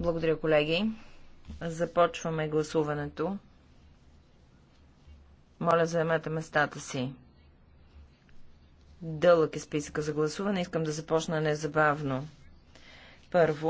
Благодаря, колеги. Започваме гласуването. Моля, заемете местата си. Дълъг е списъка за гласуване. Искам да започна незабавно. Първо,